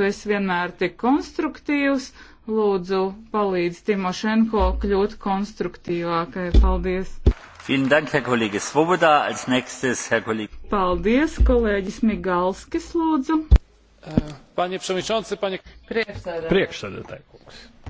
Tu esi vienmēr tik konstruktīvs. Lūdzu, palīdz Timošenko kļūt konstruktīvākai. Paldies! Dank, Herr Svoboda. Als nächstes, Herr Kollege. Paldies, kolēģis Migalskis, lūdzu. Panie Priekšsēdētāji, kungs.